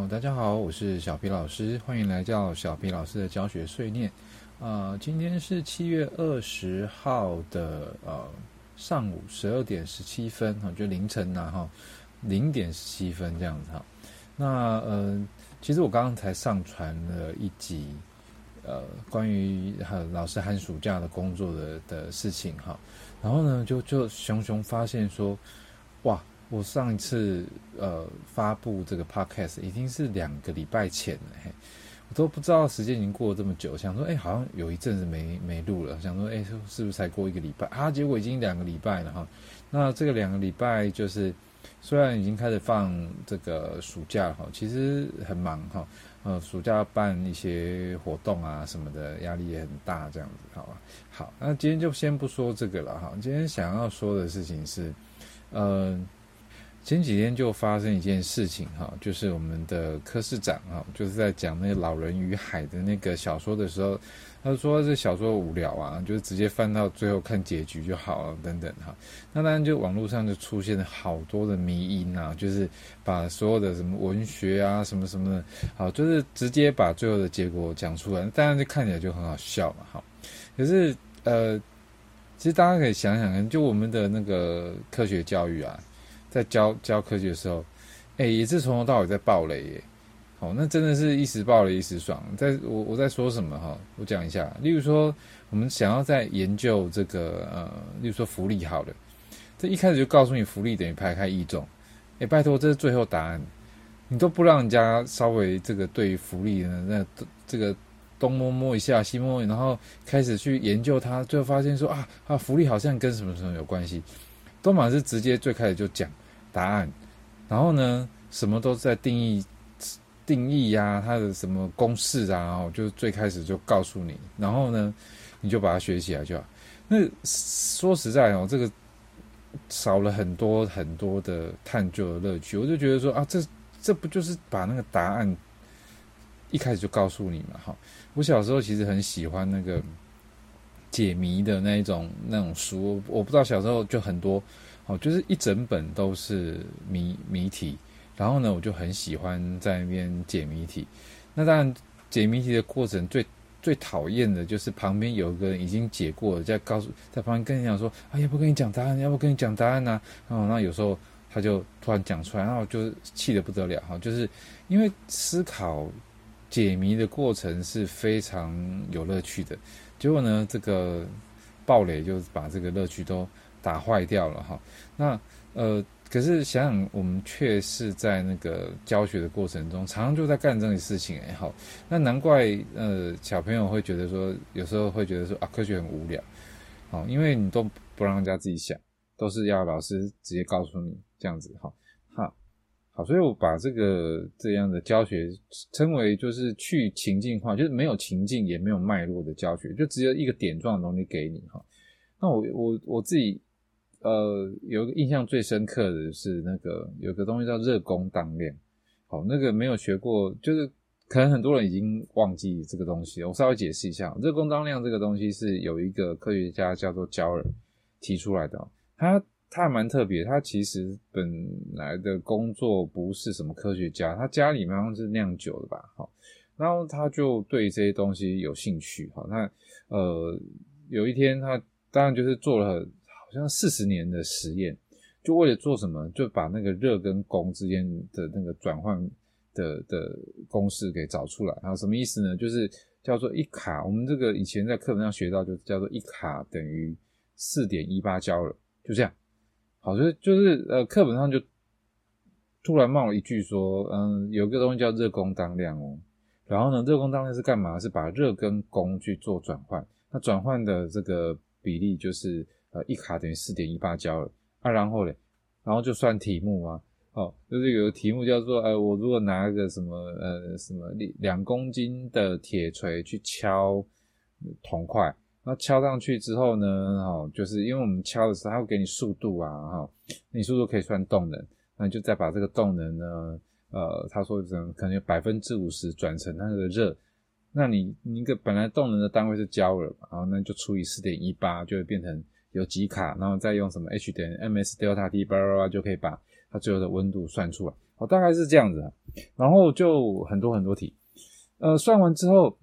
哦、大家好，我是小皮老師，歡迎來到小皮老師的教學碎念。啊、呃，今天是七月二十號的呃上午十二點十七分，哈、哦，就凌晨吶、啊、哈，零、哦、點十七分這樣子哈、哦。那呃，其實我剛剛才上傳了一集呃關於寒、呃、老師寒暑假的工作的的事情哈、哦。然後呢，就就熊熊發現說，哇。我上一次呃發布這個 podcast 已經是兩個禮拜前了嘿，我都不知道時間已經過了這麼久。想說，誒、欸、好像有一陣子沒沒錄了。想說，誒、欸、是不是才過一個禮拜啊？結果已經兩個禮拜了哈。那這個兩個禮拜就是雖然已經開始放這個暑假哈，其實很忙哈。呃，暑假辦一些活動啊什麼的，壓力也很大這樣子，好吧。好，那今天就先不說這個了哈。今天想要說的事情是，呃。前幾天就發生一件事情哈，就是我們的柯市長啊，就是在講那個《老人與海》的那個小說的時候，他說，這小說無聊啊，就是直接翻到最後看結局就好了等等哈。那當然就網絡上就出現了好多的迷因啊，就是把所有的什麼文學啊什麼什麼的，好，就是直接把最後的結果講出來，當然就看起來就很好笑嘛，哈。可是呃，其實大家可以想想看，就我們的那個科學教育啊。在教教科技的時候，哎、欸，也是從頭到尾在暴雷耶。好、哦，那真的是一直暴雷一直爽。在我我在說什麼哈？我講一下，例如說，我們想要在研究這個呃，例如說浮力好了，這一開始就告訴你浮力等於排開液重。哎、欸，拜託，這是最後答案，你都不讓人家稍微這個對於浮力的那這個東摸摸一下西摸摸，然後開始去研究它，最後發現說啊啊浮力好像跟什麼什麼有關係，都嘛是直接最開始就講。答案，然後呢，什麼都在定義定義呀、啊，它的什麼公式啊，然後就是最開始就告訴你，然後呢，你就把它學起來就好。那說實在哦，這個少了很多很多的探究的樂趣。我就覺得說啊，這這不就是把那個答案一開始就告訴你嘛？哈，我小時候其實很喜歡那個解謎的那一種那種書，我不知道小時候就很多。哦，就是一整本都是謎謎題，然後呢，我就很喜歡在那邊解謎題。那當然，解謎題的過程最最討厭的就是旁邊有一個人已經解過了，在告訴在旁邊跟你講說：“啊，要不跟你講答案，要不跟你講答案吶、啊。”哦，那有時候他就突然講出來，然後就氣得不得了。哈、哦，就是因為思考解謎的過程是非常有樂趣的，結果呢，這個暴雷就把這個樂趣都打壞掉了哈，那呃，可是想想我們確實在那個教學的過程中，常常就在幹這種事情哎、欸、好，那難怪呃，小朋友會覺得說，有時候會覺得說啊，科學很無聊，哦，因為你都不讓人家自己想，都是要老師直接告訴你這樣子哈，哈，好，所以我把這個這樣的教學稱為就是去情境化，就是沒有情境也沒有脈絡的教學，就只有一個點狀的東西給你哈，那我我我自己。呃，有個印象最深刻的是那個有個東西叫熱功當量，好，哦，那個沒有學過，就是可能很多人已經忘記這個東西了。我稍微解釋一下，熱功當量這個東西是有一個科學家叫做焦耳提出來的。他，他還蠻特別，他其實本來的工作不是什麼科學家，他家裡面好像是釀酒的吧，好，然後他就對這些東西有興趣，好，那呃，有一天他當然就是做了很好像四十年的實驗，就為了做什麼？就把那個熱跟功之間的那個轉換的的公式給找出來。然後什麼意思呢？就是叫做一卡。我們這個以前在課本上學到，就叫做一卡等於四點一八焦耳。就這樣。好，所以就是呃，課本上就突然冒了一句說，嗯，有個東西叫熱功當量哦。然後呢，熱功當量是幹嘛？是把熱跟功去做轉換。那轉換的這個比例就是。呃，一卡等於四點一八焦耳啊，然後嘞，然後就算題目啊，哦，就是有個題目叫做，呃我如果拿一個什麼，呃，什麼兩公斤的鐵錘去敲銅塊，那敲上去之後呢，哦，就是因為我們敲的時候，它會給你速度啊，哈、哦，你速度可以算動能，那你就再把這個動能呢，呃，他說什麼，可能有百分之五十轉成那個熱，那你，你一個本來動能的單位是焦耳，然後那就除以四點一八，就會變成。有幾卡，然後再用什麼 h 點 m s delta t bar b a 就可以把它最後的溫度算出來。好，大概是這樣子啊。然後就很多很多題。呃，算完之後，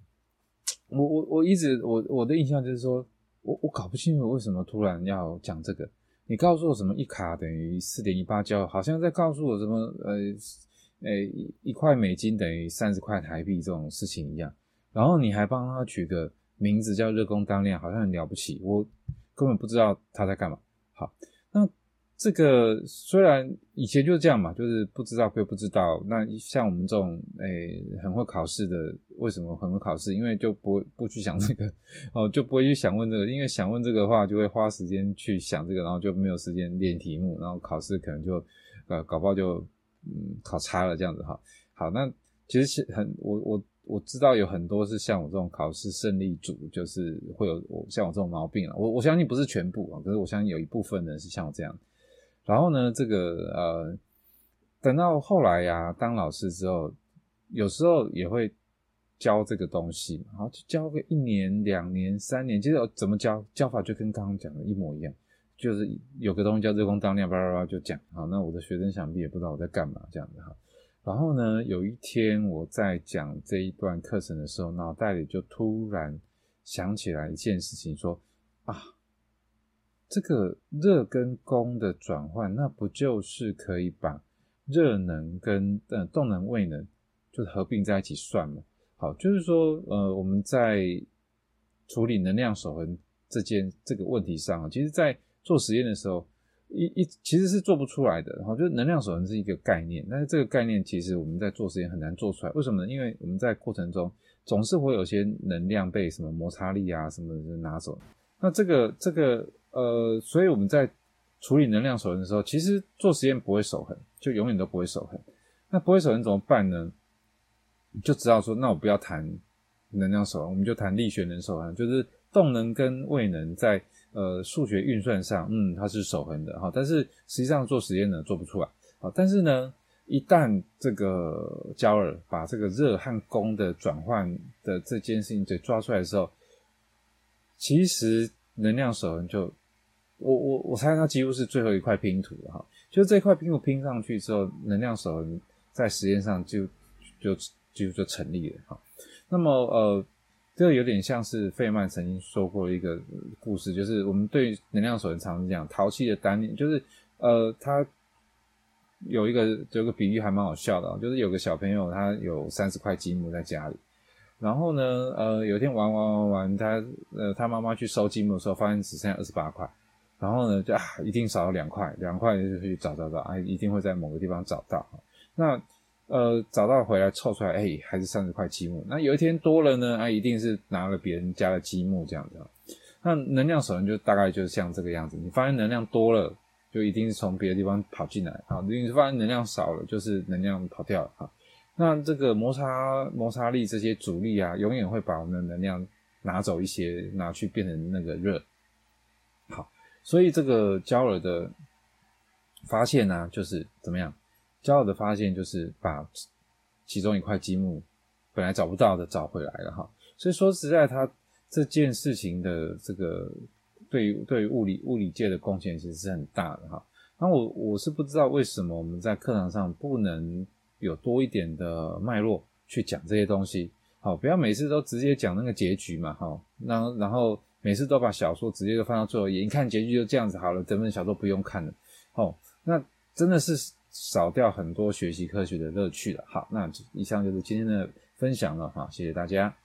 我我我一直我我的印象就是說，我我搞不清楚為什麼突然要講這個。你告訴我什麼一卡等於四點一八焦，好像在告訴我什麼呃呃一一塊美金等於三十塊台幣這種事情一樣。然後你還幫他取個名字叫熱功當量，好像很了不起。我。根本不知道他在幹嘛。好，那這個雖然以前就是這樣嘛，就是不知道歸不知道。那像我們這種誒、欸、很會考試的，為什麼很會考試？因為就不不去想這個哦，就不會去想問這個，因為想問這個的話，就會花時間去想這個，然後就沒有時間練題目，然後考試可能就呃搞不好就嗯考差了這樣子哈。好，那其實是很我我。我我知道有很多是像我這種考試勝利組，就是會有像我這種毛病啊，我我相信不是全部啊，可是我相信有一部分人是像我這樣。然後呢，這個呃，等到後來呀、啊，當老師之後，有時候也會教這個東西嘛，好，就教個一年、兩年、三年，其實怎麼教，教法就跟剛剛講的一模一樣，就是有個東西叫熱功當量，叭叭叭就講。好，那我的學生想必也不知道我在幹嘛，這樣子哈。然後呢，有一天我在講這一段課程的時候，腦袋裡就突然想起來一件事情說，說啊，這個熱跟功的轉換，那不就是可以把熱能跟呃動能、位能，就合併在一起算嘛，好，就是說呃，我們在處理能量守恆這件這個問題上，其實在做實驗的時候。一一其實是做不出來的，然後就是能量守恆是一個概念，但是這個概念其實我們在做實驗很難做出來，為什麼呢？因為我們在過程中總是會有些能量被什麼摩擦力啊什麼的拿走，那這個這個呃，所以我們在處理能量守恆的時候，其實做實驗不會守恆，就永遠都不會守恆。那不會守恆怎麼辦呢？就只好說，那我不要談能量守恆，我們就談力學能守恆，就是動能跟位能在。呃，數學運算上，嗯，它是守恆的哈，但是實際上做實驗呢，做不出來好，但是呢，一旦這個焦耳把這個熱和功的轉換的這件事情給抓出來的時候，其實能量守恆就，我我我猜它幾乎是最後一塊拼圖了哈。就是這塊拼圖拼上去之後，能量守恆在實驗上就就就，就就成立了哈。那麼呃。這個有點像是費曼曾經說過一個故事，就是我們對能量守恆常常講，淘氣的丹尼，就是呃，他有一個有一個比喻，還蠻好笑的，就是有個小朋友他有三十塊積木在家裡，然後呢，呃，有一天玩玩玩玩，他呃，他媽媽去收積木的時候，發現只剩下二十八塊，然後呢，就啊，一定少了兩塊，兩塊就去找找找，啊，一定會在某個地方找到，那。呃，找到回來湊出來，哎、欸，還是三十塊積木。那有一天多了呢，啊，一定是拿了別人家的積木這樣子。那能量守恆就大概就是像這個樣子。你發現能量多了，就一定是從別的地方跑進來啊。你發現能量少了，就是能量跑掉了。那這個摩擦摩擦力這些阻力啊，永遠會把我們的能量拿走一些，拿去變成那個熱。好，所以這個焦耳的發現呢、啊，就是怎麼樣？驕傲的發現就是把其中一塊積木本來找不到的找回來了哈，所以說實在他這件事情的這個對於對於物理物理界的貢獻其實是很大的哈。那我我是不知道為什麼我們在課堂上不能有多一點的脈絡去講這些東西，好，不要每次都直接講那個結局嘛，哈，那然後每次都把小說直接就放到最後，一看結局就這樣子好了，整本小說不用看了，哦，那真的是。少掉很多學習科學的樂趣了。好，那以上就是今天的分享了。好，謝謝大家。